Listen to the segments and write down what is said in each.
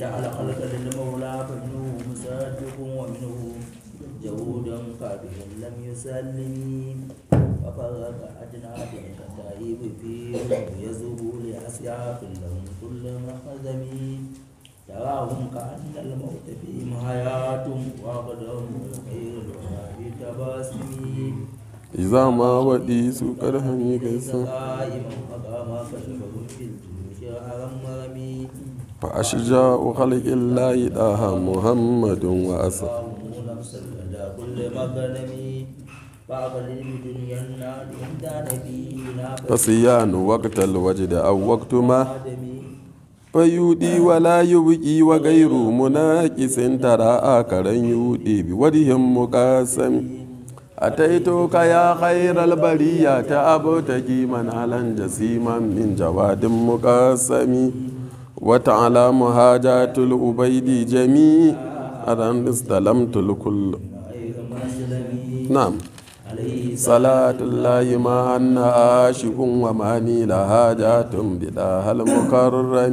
جعل خلق للمولى فمنه مصدق ومنه جهودا قابل لم يسلم وفرق أدنى تلك فيهم يزهو لأسياق لهم كل مخزم تراهم كأن الموت فيهم حياة وغدهم خير الوفاء تباسم إذا ما وديت قد حميك السائم فأشجاع خلق الله إله محمد وأسف فصيان وقت الوجد أو وقت ما فيودي ولا يبكي وغير مناكس ترى آكرا يودي بوجههم مقاسم أتيتك يا خير البرية أبتكي منالا جسيما من جواد مقاسم wata alama haja tun ubaidi jami'i a ranar da sallam tun kullum salatu layi ma hannu a shi kun wa ma mila haja tun bida halin muƙararra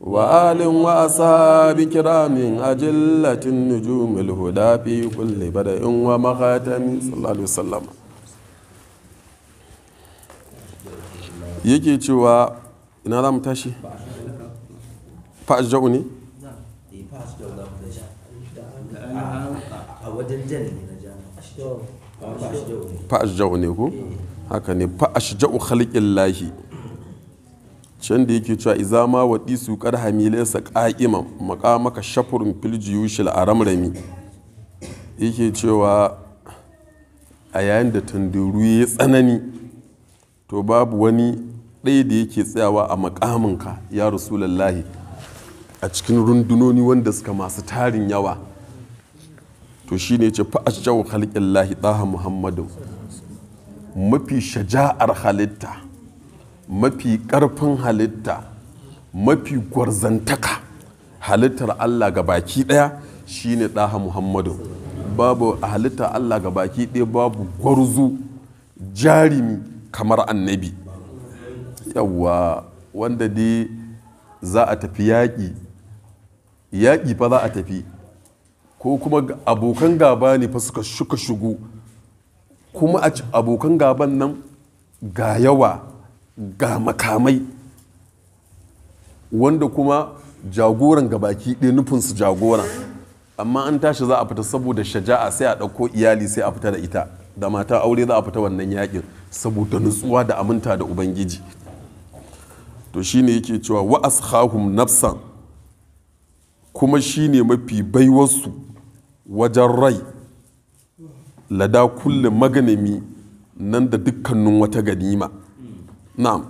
wa alin wasa a bikiramin ajin latin juma'i luda fiye kulle bada in wa ma katani sallallahu wa sallam ya ke ci wa ina lamta shi. fa'as ja'u ne fa'as ja'u ne ko haka ne fa'as ja'u khalqin lahi can da yake cewa iza ma wa disu qad hamilaysa qa'iman shafurin shafurun fil a ramrami. yake cewa a yayin da tunduru ya tsanani to babu wani ɗaya da yake tsayawa a makaminka ya rasulallahi a cikin rundunoni wanda suka masu tarin yawa to shi ne ce fa'ashjawu halƙin lahi muhammadu mafi shaja'ar halitta mafi ƙarfin halitta mafi gwarzantaka halittar allah ga baki ɗaya shi ne ɗaha muhammadu babu a halittar allah ga baki ɗaya babu gwarzu jarimi kamar annabi yawwa wanda dai za a tafi yaƙi yaƙi fa za a tafi ko kuma abokan gaba ne fa suka shuka shugu kuma a abokan gaban nan ga yawa ga makamai wanda kuma jagoran ga gabaki ɗaya nufinsu jagoran amma an tashi za a fita saboda shaja'a sai a ɗauko iyali sai a fita da ita da mata aure za a fita wannan yaƙin saboda nutsuwa da aminta da ubangiji to shine yake cewa wa ashahum nafsan kuma shi ne mafi baiwarsu wajen rai lada kulle maganami nan da dukkanin wata ganima na'am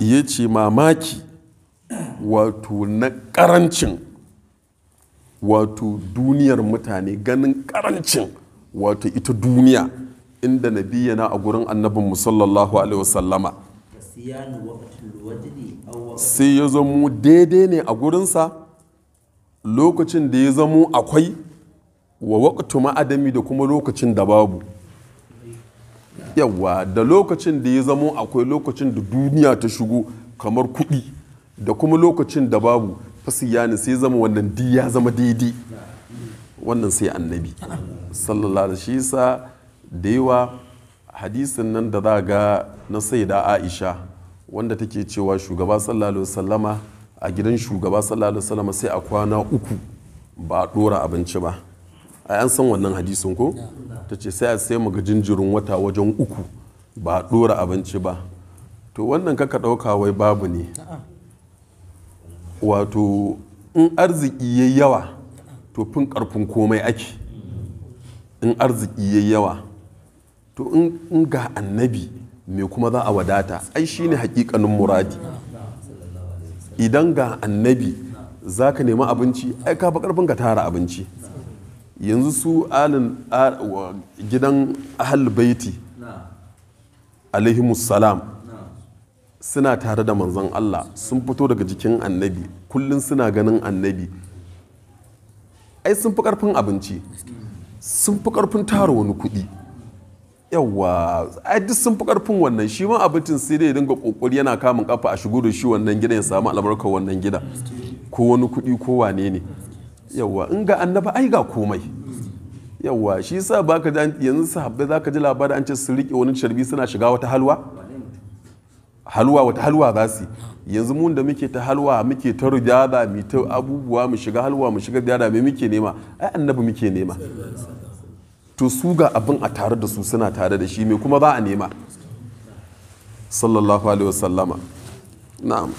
ya ce mamaki wato na karancin wato duniyar mutane ganin karancin wato ita duniya inda na a gurin annabin musallallahu alaihi wasallama sai ya zamo daidai ne a gurinsa lokacin da ya zamo akwai wa waƙatu ma'adami da kuma lokacin da babu yawa da lokacin da ya zamo akwai lokacin da duniya ta shigo kamar kuɗi da kuma lokacin da babu fasiyani sai zama wannan di ya zama daidai wannan sai annabi sallallahu alaihi da yawa hadisin nan da za ga na saida aisha wanda take cewa shugaba sallallahu alaihi wasallama a gidan shugaba sallallahu alaihi wasallama sai a kwana uku ba a dora abinci ba a an san wannan hadisin ko ta ce sai a sai mu ga jinjirin wata wajen uku ba a dora abinci ba to wannan kaka ɗauka wai babu ne wato in arziki yayi yawa to fin ƙarfin komai ake in arziki yayi yawa to in ga annabi me kuma za a wadata ai shine hakikanin muradi idan ga annabi za ka nemi abinci ai ka fi karfin ka tara abinci yanzu su alin gidan ahal baiti salam suna tare da manzon Allah sun fito daga jikin annabi kullum suna ganin annabi ai sun fi karfin abinci sun fi karfin tara wani kuɗi yawa ai duk sun fi karfin wannan shi ma abincin sai dai dinga kokori yana kamun kafa a shigo da shi wannan gidan ya samu albarkar wannan gida ko wani kuɗi ko wane ne yawa in ga annaba ai ga komai yawa shi yasa baka ji yanzu sahabbai zaka ji labarin an ce sun rike wani sharbi suna shiga wata halwa halwa wata halwa za su yanzu mun da muke ta halwa muke ta rujada mu ta abubuwa mu shiga halwa mu shiga rujada me muke nema ai annabi muke nema to su ga abin a tare da su suna tare da shi mai kuma ba a nema sallallahu alaihi wasallama na'am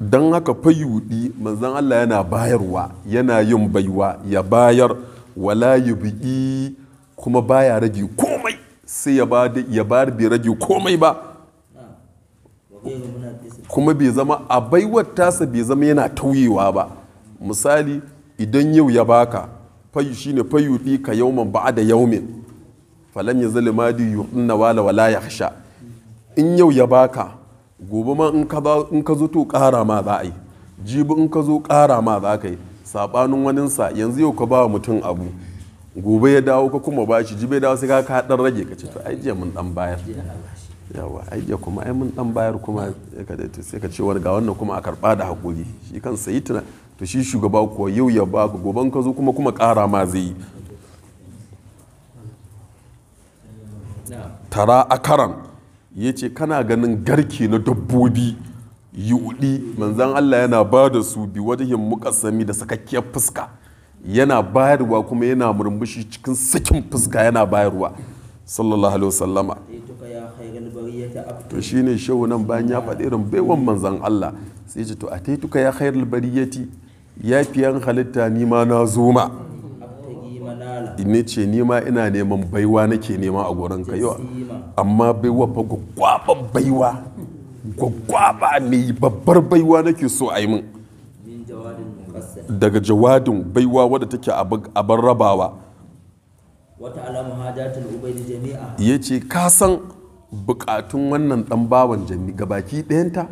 don haka fayudi manzan Allah yana bayarwa yana yin baiwa ya bayar wala yubiki kuma baya rage komai sai ya bayar bai rage komai ba kuma bai zama a baiwar tasa bai zama yana tauyewa ba misali idan yau ya baka fayu shine fayu fi ka yauman ba da yaumin falam ya zalima di na wala wala ya hasha in yau ya baka gobe ma in ka zo to ƙara ma za a yi jibi in ka zo ƙara ma za ka yi saɓanin waninsa yanzu yau ka ba wa mutum abu gobe ya dawo ka kuma ba shi jibe dawo sai ka ka dan rage ka ce to ai mun dan bayar yawa ai kuma ai mun dan bayar kuma sai ka ce wani ga wannan kuma a karba da hakuri shi kan sayi tuna ta shi shugaba kuwa yau ya baka goban ka zo kuma kuma kara ma zai yi tara akaran ya ce kana ganin garke na dabbobi yuɗi manzan Allah yana ba da su bi wajen mukasami da sakakkiyar fuska yana bayarwa kuma yana murmushi cikin sakin fuska yana bayarwa sallallahu alaihi wasallama to shine shehu nan bayan ya faɗi irin baiwan manzan Allah sai ce to a taituka ya khairul bariyati ya fiyan halitta ni ma na zo ma ce ni ma ina neman baiwa nake nema a gurin ka yau amma baiwa fa gwaba baiwa gwaggwaba ne babbar baiwa nake so a yi min daga jawadin baiwa wadda take abin rabawa ya ce ka bukatun wannan dan bawan jami gabaki ɗayanta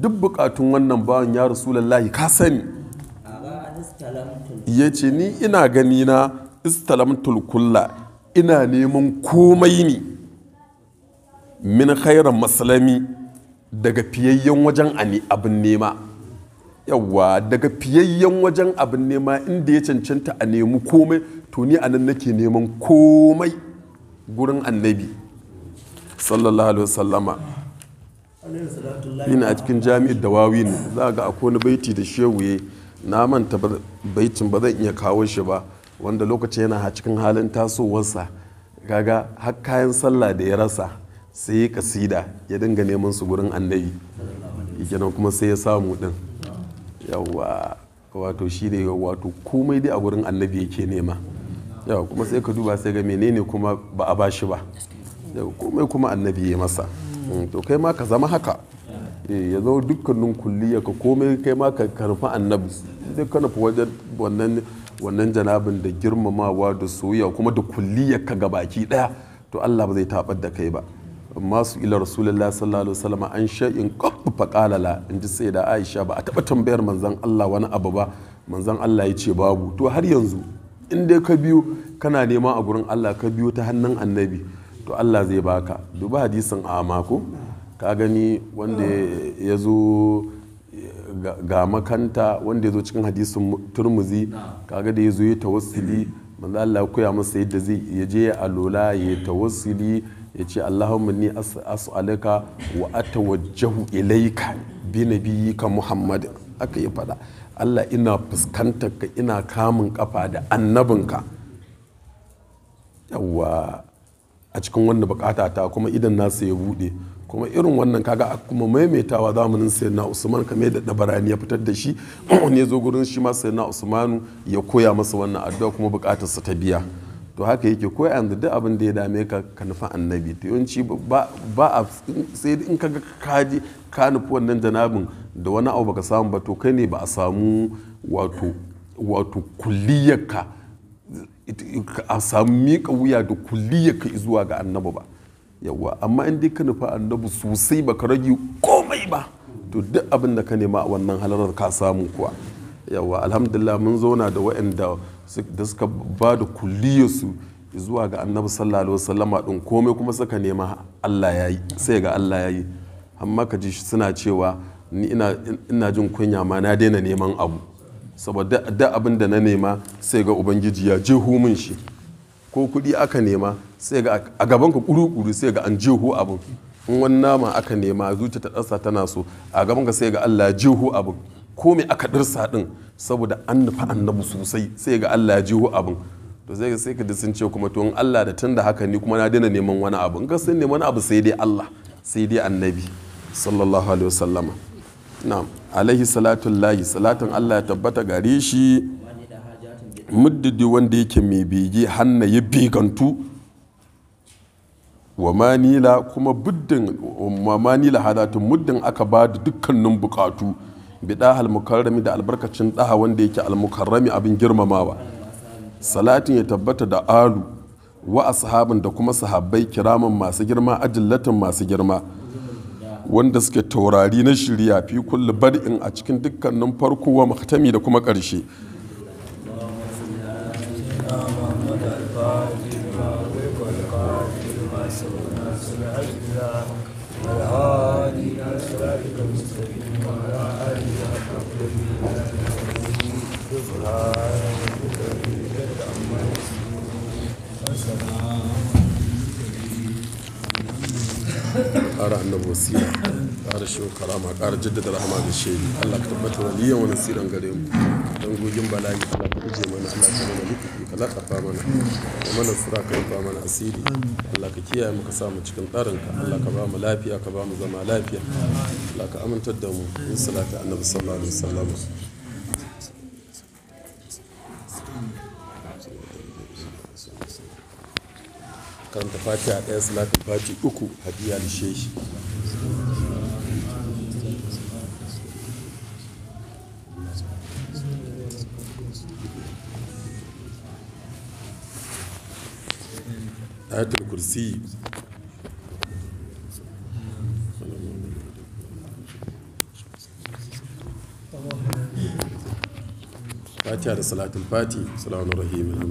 duk bukatun wannan bawan ya rasulallahi ka sani ya ce ni ina gani na istalamtul kulla ina neman komai ne min khairan maslami daga fiyayyen wajen abin nema yawwa daga fiyayyen wajen abin nema inda ya cancanta a nemi komai to ni anan nake neman komai gurin annabi sallallahu alaihi wasallama ina a cikin jami'ar dawawi ne za ga akwai wani baiti da shewuye na manta baitin ba zan iya kawo shi ba wanda lokacin yana cikin halin tasowarsa kaga har kayan sallah da ya rasa sai ya kasida ya dinga neman su gurin annabi kenan kuma sai ya samu din yawa wato shi ne wato komai dai a gurin annabi yake nema yawa kuma sai ka duba sai ga menene kuma ba a bashi ba komai kuma annabi ya masa mm, to kai ma ka zama haka eh, ya zama dukkanin kulliya ka komai kai ma ka karfi annabi zai ka nufi wannan wannan janabin da girmamawa da soyayya kuma da kulliya ka ga baki daya to Allah ba zai tabar da kai ba masu ila rasulullah sallallahu alaihi wasallam an sha'in qabba faqalala in ji sai da Aisha ba a taba tambayar manzon Allah wani abu ba manzon Allah ya ce babu to har yanzu in dai ka biyo kana nema a gurin Allah ka biyo ta hannun annabi to Allah zai baka duba hadisin a mako ka gani wanda ya zo ga makanta wanda ya zo cikin hadisin turmuzi kaga da ya zo ya tawasili manzo Allah koya masa yadda zai ya je a lola ya tawassuli ya ce Allahumma ni as'aluka wa atawajjahu ilayka bi ka Muhammadin aka yi fada Allah ina fuskantar ka ina kamun kafa da annabinka yawwa a cikin wannan bukata ta kuma idan nasu ya bude kuma irin wannan kaga kuma maimaitawa zamanin sai na usman kame da dabarani ya fitar da shi ne zo gurin shi ma sai na usmanu ya koya masa wannan addu'a kuma bukatar sa ta biya to haka yake ko yanzu duk abin da ya dame ka ka nufi annabi to yawanci ba a sai in ka ga kaji ka nufi wannan janabin da wani abu baka samu ba to kai ne ba a samu wato wato kulliyarka a samu miƙa wuya da kulliyarka zuwa ga annabi ba amma in dai ka nufi annabi sosai baka rage komai ba to duk abin da ka nema a wannan halarar ka samu kuwa yawwa alhamdulillah mun zauna da waanda da suka ba da kulliyarsu zuwa ga annabi sallallahu alaihi wasallama din komai kuma suka nema Allah ya yi sai ga Allah ya yi amma ka ji suna cewa ni ina jin kunya ma na daina neman abu saboda da abin da na nema sai ga ubangiji ya je min shi ko kuɗi aka nema sai ga a gaban ka kuru-kuru sai ga an jeho abin in wani nama aka nema zuciya ta ɗarsa tana so a gaban ka sai ga Allah ya abin ko me aka ɗarsa ɗin saboda an nufa annabi sosai sai ga Allah ya abin to sai sai ka sun ce kuma to Allah da tun da haka ni kuma na daina neman wani abu in ka sun neman abu sai dai Allah sai dai annabi sallallahu alaihi wasallam na'am alaihi salatu lahi salatun Allah ya tabbata gare shi muddidi wanda yake mai bege hanna ya bigantu wa manila kuma buddin wa manila hadatun muddin aka ba da dukkanin bukatu bida almukarrami da albarkacin daha wanda yake almukarrami abin girmamawa salatin ya tabbata da alu wa ashabin da kuma sahabbai kiraman masu girma ajillatan masu girma wanda suke taurari na shirya fi kulli bad'in a cikin dukkanin farko wa maktami da kuma ƙarshe Thank ƙara annabi wasira ƙara shi karama ƙara jaddada rahama da shehi Allah ka tabbatar waliyan wani siran gare mu dan gogin bala'i Allah ka ije mana Allah ka mana liki ka lakafa mana da mana sura ka rufa mana asiri Allah ka kiyaye mu ka sa mu cikin tsarin ka Allah ka ba mu lafiya ka ba mu zama lafiya Allah ka amintar da mu in salata annabi sallallahu alaihi wasallam karanta fati a ɗaya salatin fati uku hadiya da sheshi ayatul kursi fatiha da salatul fati salamun rahim